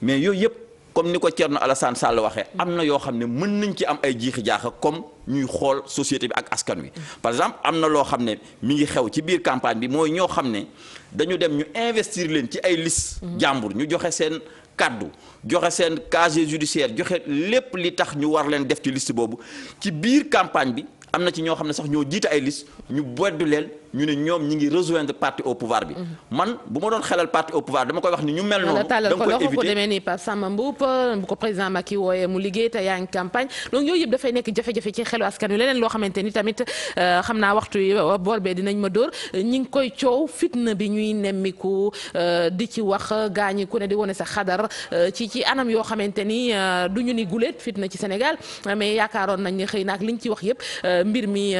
S6: mais yooyu yëpp comme ni ko Thierno Alassane Sall waxee am na yoo xam ne mën nañ ci am ay jiixi jaaxa comme ñuy xool société bi ak askan wi par exemple am na loo xam ne mu ngi xew ci biir campagne bi mooy ñoo xam ne dañu dem ñu investir leen ci ay liste jàmbur ñu joxe seen kàddu joxe seen casier judiciaire joxe lépp li tax ñu war leen def ci liste boobu ci biir campagne bi am na ci ñoo xam ne sax ñoo jiite ay liste ñu boddu leen ñu ne ñoom ñu ngi rejoindre parti au pouvoir bi. Mhm. man bu ma doon xelal parti au pouvoir dama koy wax ni ñu mel noonu. da nga koy éviter ko demee
S1: nii Pape Samba Mboup bu ko président Macky wooyee mu liggéey te yaa ngi campagne donc yooyu yëpp dafay nekk jafe-jafe ci xelu askan wi leneen loo xamante ni tamit euh, xam naa waxtu yi euh, boor dinañ ma dóor ñi ngi koy coow fitna bi ñuy nemmiku euh, di ci wax gaañi ku ne di wane sa xadar ci ci anam yoo xamante ni du ñu ni guléet fitna ci Sénégal mais yaakaaroon nañ ne xëy na ak liñ wax yëpp mbir mi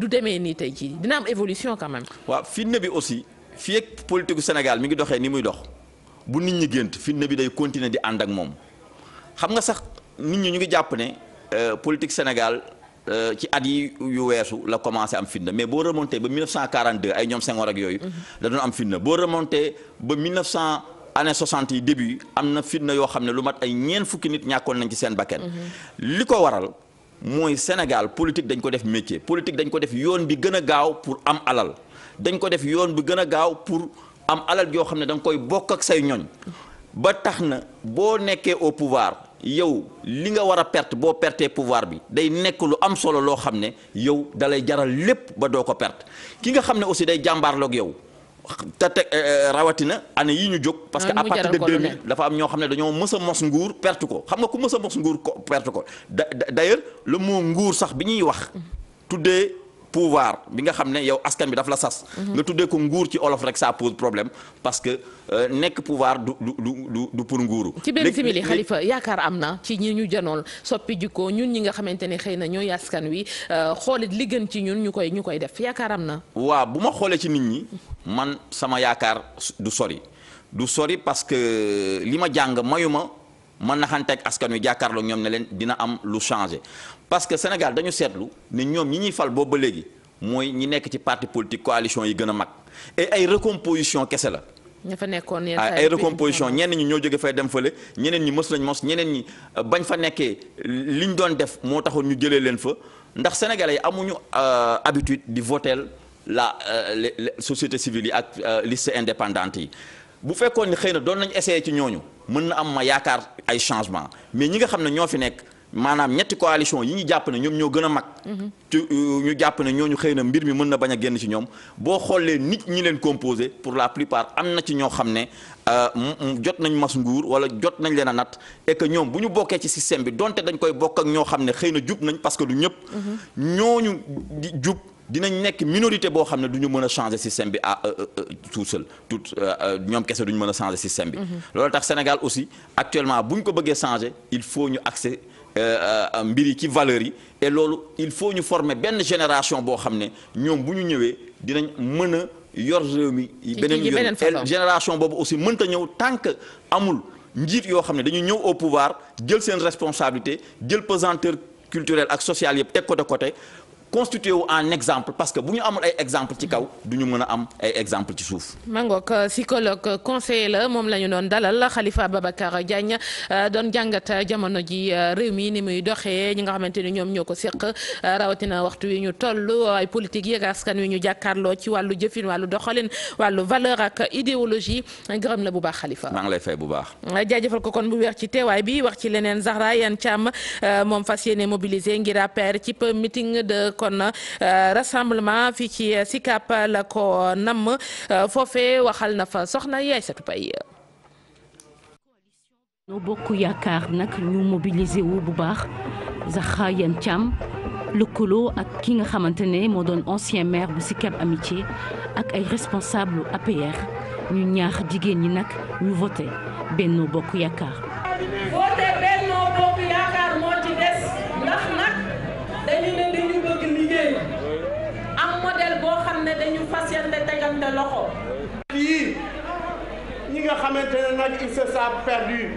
S1: du demee nii tey jii
S6: dina am évolution solution quand fitna bi aussi fii ak politique Sénégal mi ngi doxee ni muy dox bu nit ñi gént fitna bi day continuer di ànd ak moom xam nga sax nit ñi ñu ngi jàpp ne euh, politique Sénégal euh, ci at yi yu weesu la commencé am fitna mais boo remonté ba 1942 ay ñoom Senghor ak yooyu. Mhm. da doon am fitna boo remonté ba 1900 année 60 yi début am na fitna yoo xam ne lu mat ay ñeent fukki nit ñàkkoon nañ ci seen bakkan. Mhm. li ko waral. mooy Sénégal politique dañ ko def métier politique dañ ko def yoon bi gën a gaaw pour am alal dañ ko def yoon bi gën a gaaw pour am alal yoo xam ne da koy bokk ak say ñoñ ba tax na boo nekkee au pouvoir yow li nga war a perte boo pertee pouvoir bi day nekk lu am solo loo xam ne yow dalay jaral lépp ba doo ko perte ki nga xam ne aussi day jàmbaarloog yow te teg eh, eh, rawatina année yi ñu jóg. parce que ah, à partir de 2000 dafa am ñoo xam ne dañoo mës a mos nguur perte ko xam nga ku mës mos nguur ko perte ko day d'ailleurs le mot nguur sax bi ñuy wax. tuddee. pouvoir bi nga xam ne yow askan bi daf la sas. Mhm. nga tuddee ko nguur ci olof rek ça pose problème parce que euh, nekk pouvoir du du du du pour nguuru. ci benn simili xalifa
S1: yaakaar am na ci ñi ñu janool soppi jikko ñun ñi nga xamante ne xëy na ñooy askan wi euh, xoolit li gën ci ñun ñu koy ñu koy def yaakaar am na.
S6: waaw bu ma xoolee ci nit ñi man sama yaakaar du sori du sori parce que li ma jàng mayuma ma naxanteeg askan wi jàkkaarloo ñoom ne leen dina am lu changé parce que Sénégal dañu seetlu ne ñoom ñi ñuy fal boobu ba léegi mooy ñi nekk ci parti politique coalition yi gën a mag et ay recomposition kese la.
S1: ña fa nekkoon yenn ay
S6: recomposition ñenn ñi ñoo jóge fay dem fële ñeneen ñi mës nañ mos ñeneen ñi euh, bañ fa nekkee liñ doon def moo taxoon ñu jëlee leen fa ndax sénégalais yi amuñu euh, habitude di voteel la euh, société civile yi ak liste indépendante yi bu fekkoon xëy na doon nañ essayé ci ñooñu mën na am ma yaakaar ay changement mais ñi nga xam ne ñoo fi nekk. maanaam ñetti coalition yi ñu jàpp na ñoom ñoo gën a mag. Mhm. Euh, ñu jàpp na ñooñu xëy na mbir mi mën na bañ a génn ci ñoom boo xoolee nit ñi leen composé pour la plupart am na ci ñoo xam ne euh, jot nañ mas nguur wala jot nañ leen a natt et que ñoom bu ñu bokkee ci système bi donte dañ koy bokk ak ñoo xam ne xëy na jub nañ parce que du ñëpp. Mhm. ñooñu di jub. dinañ nekk minorité boo xam ne du ñu mën a changer système bi a euh, tout seul tout ñoom kese du ñu mën a changer système bi. Mhm. loolu tax Sénégal aussi ko bëggee changer il faut ñu accès. Euh, euh, mbir yi ci valeurs yi et loolu il faut ñu former benn génération boo xam ne ñoom bu ñu ñëwee dinañ mën a yor réew mi beneen yoon génération boobu aussi mënta ñëw tant que amul njiit yoo xam ne dañu ñëw au pouvoir jël seen responsabilité jël pesanteur culturelle ak sociale yëpp teg ko de côté constitué wu en exemple parce que bu ñu amul ay exemple ci kaw du ñu mën a am ay exemple ci suuf.
S1: Mangok euh, psychologue conseiller la moom la ñu doon dalal Khalifa Babacar Diagne euh, doon jàngat jamono ji euh, réew mi ni muy doxee ñi nga xamante ni ñoom ñoo ko seq rawatina waxtu wi ñu toll ay politique yeeg wi ñu jàkkaarloo ci wàllu jëfin wàllu doxalin wàllu valeur ak idéologie gërëm la bu baax Khalifa. maa lay fay bu baax. jaajëfal ko kon bu weer ci teewaay kon euh, rassemblement fii ci euh, Sicap la ko namm euh, foofee waxal na fa soxna yaay satu pay noo bokk yaakaar nag ñu mobiliser bu baax Zahra Iyane Thiam lëkkaloo ak ki nga xamante ne moo doon ancien maire bu Sicap Amitié ak ay responsable APR ñu ñaax jigéen ñi nag ñu vote Benno Bokk Yaakaar
S3: joxante loxo. ñi nga xamante ne nag il se sont perdus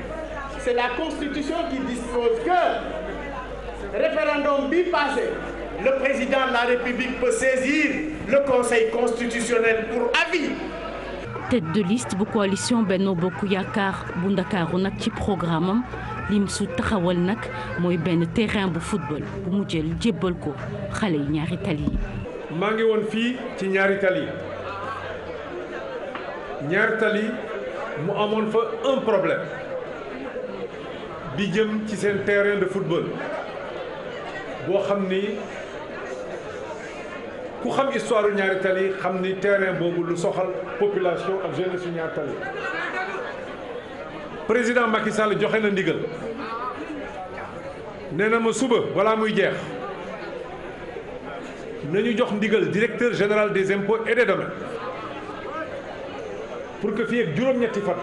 S3: c'est la constitution qui dispose que référendum bi passé le président de la république peut saisir le conseil constitutionnel pour avis.
S1: tête de liste bu coalition Benno Bokk Yaakaar bu Ndakaaru nag ci programme am lim su taxawal nag mooy benn terrain bu football bu mu jël jébbal ko xale yi ñaari tali yi.
S11: maa ngi woon fii ci ñaari tali ñaar tali mu amoon fa un problème bi jëm ci seen terrain de football boo xam ni ku xam histoire ñaari tali xam ni terrain boobu lu soxal population ak jeunesse su ñaari tali président Macky Sall joxe na ndigal nee na ma suba walaa muy jeex nañu jox ndigal directeur général des impôts et pour que fii ak juróom-ñetti fan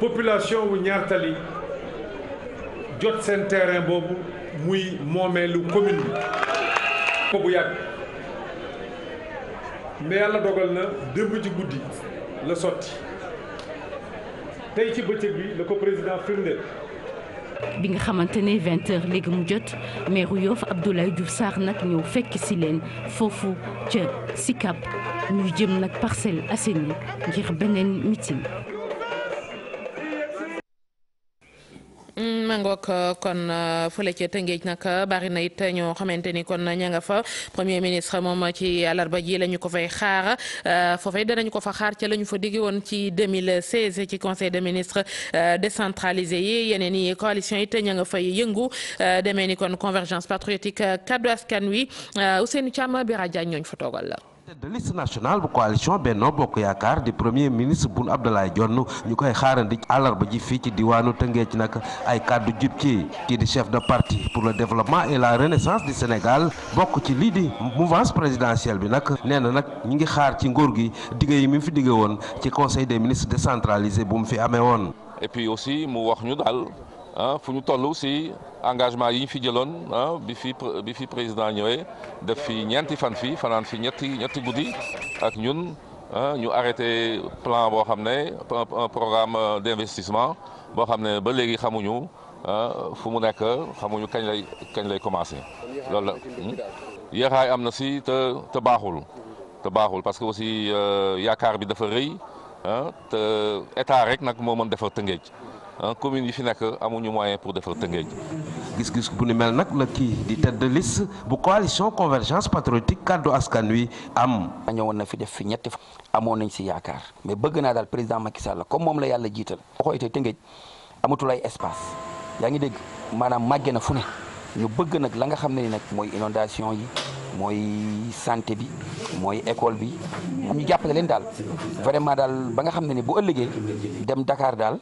S11: population wu ñaar jot seen terrain boobu muy lu commune bi ko bu yàgg mais yàlla dogal na démb ci guddi la sotti tey ci bëccëg bi la ko président firndeel
S1: bi nga xamante ne vingt heures léegi mu jot meeru Yoff Abdoulaye Diouf saax nag ñëw fekk si leen foofu ca Sicap ñu jëm nag Parcelles Assainies ngir beneen meeting mangook kon euh, fële ca Tëngéej nag bari na it ñoo ni kon ña nga fa premier ministre moom ci àllarba ji la ko fay xaar euh, foofee danañu ko fa xaar ca la ñu fa digg woon ci 2016 ci conseil des ministres euh, décentralisé yi yeneen i coalition it ña nga fay yëngu demee ni kon convergence patriotique kaddu askan wi Ousseynou Thiam Bira Diagne ñooñu fa la
S12: tête de liste nationale bu coalition Benno Bokk Yaakaar di premier ministre Boun Abdallah Dionne ñu koy xaarandi àllarba ji fii ci diwaanu Tëngéej nag ay kàddu jib ci chef de parti pour le développement et la renaissance du Sénégal bokk ci lii di mouvance présidentielle bi nag nee na ñi ngi xaar ci nguur gi digg yi mi fi digg woon ci conseil des ministres décentralisé bu mu fi amee woon.
S13: et puis aussi mu wax ñu daal. ah fu ñu tollu si engagement yi ñu fi jëloon bi fi bi fi président ñëwee def fi ñeenti fan fii fanaan fi ñetti ñetti guddi ak ñun ñu arrêté plan boo xam ne un programme d'investissement boo xam ne ba léegi xamuñu fu mu nekk xamuñu kañ lay kañ lay commencé. loolu la hmm? am na si te baaxul. te baaxul parce que aussi euh, yaakaar bi dafa rëy te état rek nag moo mën defar tëngeej. commune yi fi nekk amuñu moyen pour defar Tëngéej.
S12: gis-gis bu ni mel nag la kii di tête de liste bu coalition convergence patriotique kàddu askan wi am. ñëwoon na fi def fi ñetti amoon nañ si yaakaar mais bëgg naa daal président Macky Sall comme moom la yàlla jiital. boo xoolee Tëngéej amatul ay espace yaa ngi dégg maanaam màgge na fu ne ñu bëgg nag la nga xam ne ni nag mooy inondation yi. mooy santé bi mooy école bi ñu jàppale leen daal vraiment daal ba nga xam ne ni bu ëllëgee dem Dakar daal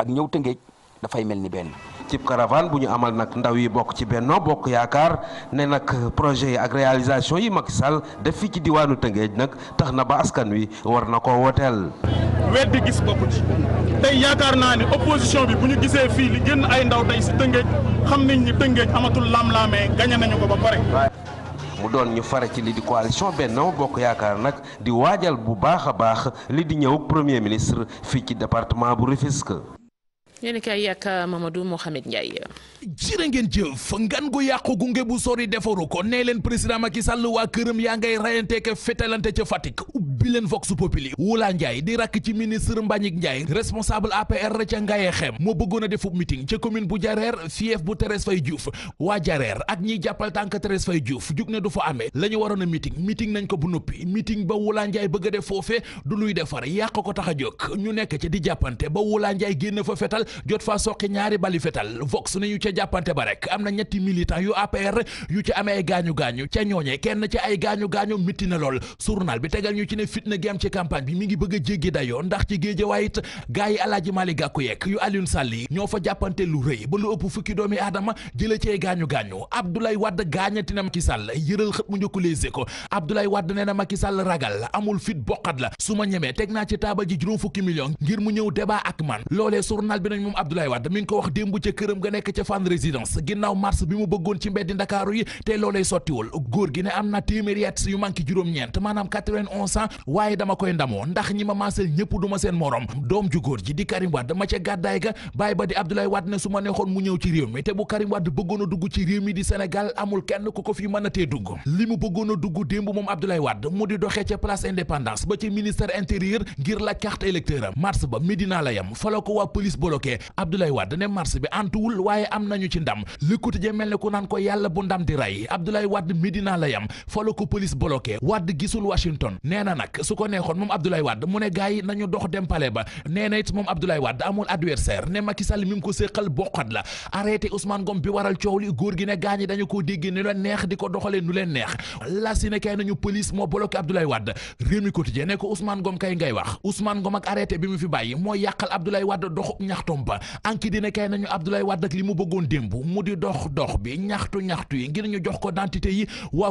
S12: ak ñëw Tëngéej
S6: dafay mel ni benn.
S12: cib caravane bu ñu amal nag ndaw yi bokk ci Benno Bokk Yaakaar ne nag projet yi ak réalisation yi Macky Sall def fii ci diwaanu Tëngéej nag tax na ba askan wi war na koo wooteel.
S3: weddi gis bokku tey yaakaar naa ni opposition bi bu gisee fii li génn ay ndaw tey si Tëngéej xam Tëngéej amatul laam-laamee gañe nañu ko ba pare.
S12: mu doon ñu fare ci li di coalition Benno Bokk Yaakaar nag di waajal bu baax a baax li di ñëw premier ministre fii ci département bu Rufisque.
S1: yéen kay yàq euh, Mamadou Mohamed Ndiaye.
S13: jërë ngeen jëf ngan gu yàqu gunge bu sori defaru ko nee leen président Macky Sall waa këram yaa ngay rayante ke fetalante ca Fatick. ubbi leen vox populi Wula Ndiaye di rakk ci ministre Mbagnick Ndiaye responsable APR ca Ngaye Xem moo bëggoon a defub meeting ca commune bu Jareer fief bu Thérèse Faye Diouf waa Jareer ak ñiy jàppal tànk Thérèse Faye Diouf jug ne du fa amee la ñu waroon a meeting meeting nañ ko bu noppi meeting ba Wula Ndiaye bëgg a def foofee du luy defar yàq ko tax a jóg ñu nekk ca di jàppante ba Wula Ndiaye génn fa fetal jot faa soqi ñaari bali fetal vox ne ñu ca jàppante ba rek am na ñetti militant yu APR yu ci amee ay gaañu gaañu ca ñooñe ci ay gaañu gaañu mitti na lool journal bi tegal fitna gi am ci campagne bi mi ngi bëgg a jéggi dayoo ndax ci Géejawaay it gaa yi Alaaji Malick Gakou yeek yu Alioune Sall yi ñoo fa jàppante lu rëy ba lu ëpp fukki doomi aadama jële cee gaañu-gaañu Abdoulaye Wade gaañati na Macky Sall yëral xët mu njëkku Les Échos Abdoulaye Wade nee na Macky ragal amul fit boqat la su ma ñemee teg naa ci taabal ji juróom fukki million ngir mu ñëw débat ak man loolee journal bi nañ moom Abdoulaye Wade mi ngi ko wax démb nekk ca Fann Résidence ginnaaw mars bi mu bëggoon gi ne am na téeméeri at yu juróom-ñeent maanaam 91 ans waaye dama koy ndamoo ndax ñi ma maasal ñëpp duma seen morom doom ju góor ji di Karim Wade ma ca gàddaay ga bàyyi ba di Abdoulaye Wade ne su ma neexoon mu ñëw ci réew mi te bu Karim Wade bëggoon a dugg ci réew mi di Sénégal amul kenn ku ko fi mën a tee dugg li mu bëggoon a dugg démb moom Abdoulaye Wade mu di doxee ca place indépendance ba ci ministère intérieur ngir la carte électeur am mars ba Médina la yam fa la ko waa police bloqué Abdoulaye Wade ne mars waaye am nañu ci ndam Le Quotidien mel ne ku naan ko yàlla bu ndam di rey Abdoulaye Wade Médina la yam fa ko police bloqué Wade gisul Washington nee na nag nag su ko neexoon moom Abdoulaye Wade mu ne gars yi nañu dox dem palais ba nee na it moom Abdoulaye Wade amul adversaire ne Macky Sall mi mu ko séqal bokkat la arrêté Ousmane Ngom bi waral coow li góor gi ne gaañ yi dañu koo déggee ni leen neex di ko doxalee nu leen neex la si ne nañu police moo bloqué Abdoulaye Wade réew mi quotidien ne ko Ousmane Ngom kay ngay wax Ousmane Ngom ak arrêté bi mu fi bàyyi moo yàqal Abdoulaye Wade doxu ñaxtom ba anki dina kay nañu Abdoulaye Wade ak li mu bëggoon démb mu di dox dox bi yi ngir ñu jox ko identité yi waa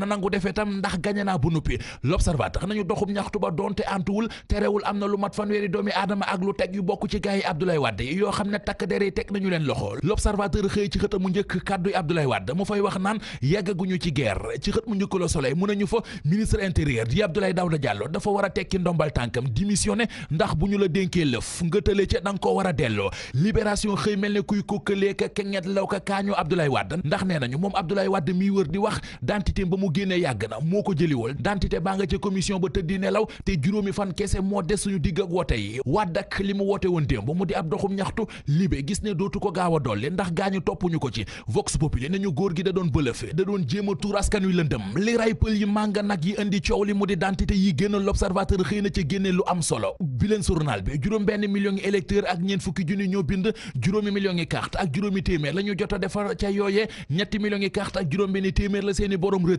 S13: na nangu defeetam ndax gañe naa bu nuppi l'observateur nañu doxum ñaxtu ba donte antuwul terewul am na lu mat fanweeri doomi aadama ak lu teg yu bokk ci gaa yi Abdoulaye Wade yoo xam ne takk der yi teg nañu leen loxo l'observateur xëy ci xët mu njëkk kàddu Abdoulaye Wade mu fay wax naan yàggaguñu ci guerre ci xët mu njëkk Le Soleil mu nañu fa ministre intérieur di Abdoulaye Daouda Diallo dafa war a tekki ndombal tànkam démissionné ndax bu ñu la dénkee lëf nga tëlee ca da nga koo war a delloo libération xëy mel ne kuy kokkalee ka kenget law ka kaañoo Abdoulaye Wade ndax nee nañu moom Abdoulaye Wade miy wër di wax dentité ba mu mu génnee yàgg na moo ko jëliwool dantité baa nga ca commission ba tëddi nelaw te juróomi fan kese moo des suñu digg ak woote yi wàdd li mu woote woon démb mu di ab doxum ñaxtu libe gis ne dootu ko gaaw a dolli ndax gaañu topp ñu ko ci vox populi ne góor gi da doon bëlëfe da doon jéem a tuur askan wi lëndëm li ray pël yi mànga nag yi indi coow li mu di dantité yi génn l'observateur xëy na ci génne lu am solo bi leen bi juróom benn million ngi électeur ak ñeent fukki junni ñoo bind juróomi million ngi carte ak juróomi téeméer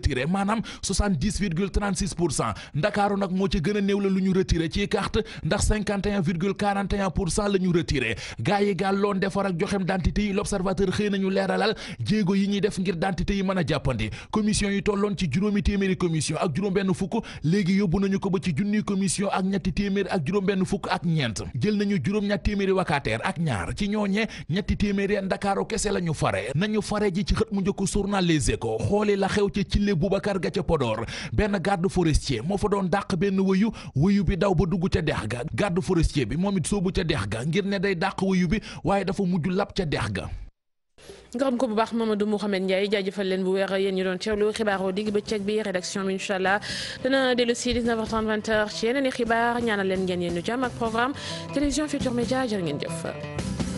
S13: la retiré maanaam 70 virgule 36 pour cent ndakaaru nag moo ci gën néew la lu ñu retiré ci carte ndax 51 virgule 41 pour cent la ñu retiré gars yi gaal loon defar ak joxem d'identité yi l'observateur xëy nañu leeralal jéego yi ñuy def ngir d'identité yi mën a jàppandi commission yi tolloon ci juróomi téeméeri commission ak juróom benn fukk léegi yóbbu nañu ko ba ci junni commission ak ñetti téeméer ak juróom benn fukk ak ñeent jël nañu juróom ñetti téeméeri wakaateer ak ñaar la ñu fare nañu fare ji ci mu njëkk journal Les Échos xooli la Boubacar ga ca podoor benn garde forestier moo fa doon dàq benn wëyu wëyu bi daw ba dugg ca dex ga garde forestier bi moom it soobu ca dex ga ngir ne day dàq wëyu bi waaye dafa mujj lab ca dex ga
S1: ngërëm ko bu baax Mamadou Mouhamed Ndiaye jaajëfal leen bu weer yéen ñu doon teewlu xibaaru digg bëccëg bi rédaction bi incha allah dana dellu si 19h30 20h ci yeneen i xibaar ñaanal leen ngeen yéen ñu jàmm ak programme télévision Futurs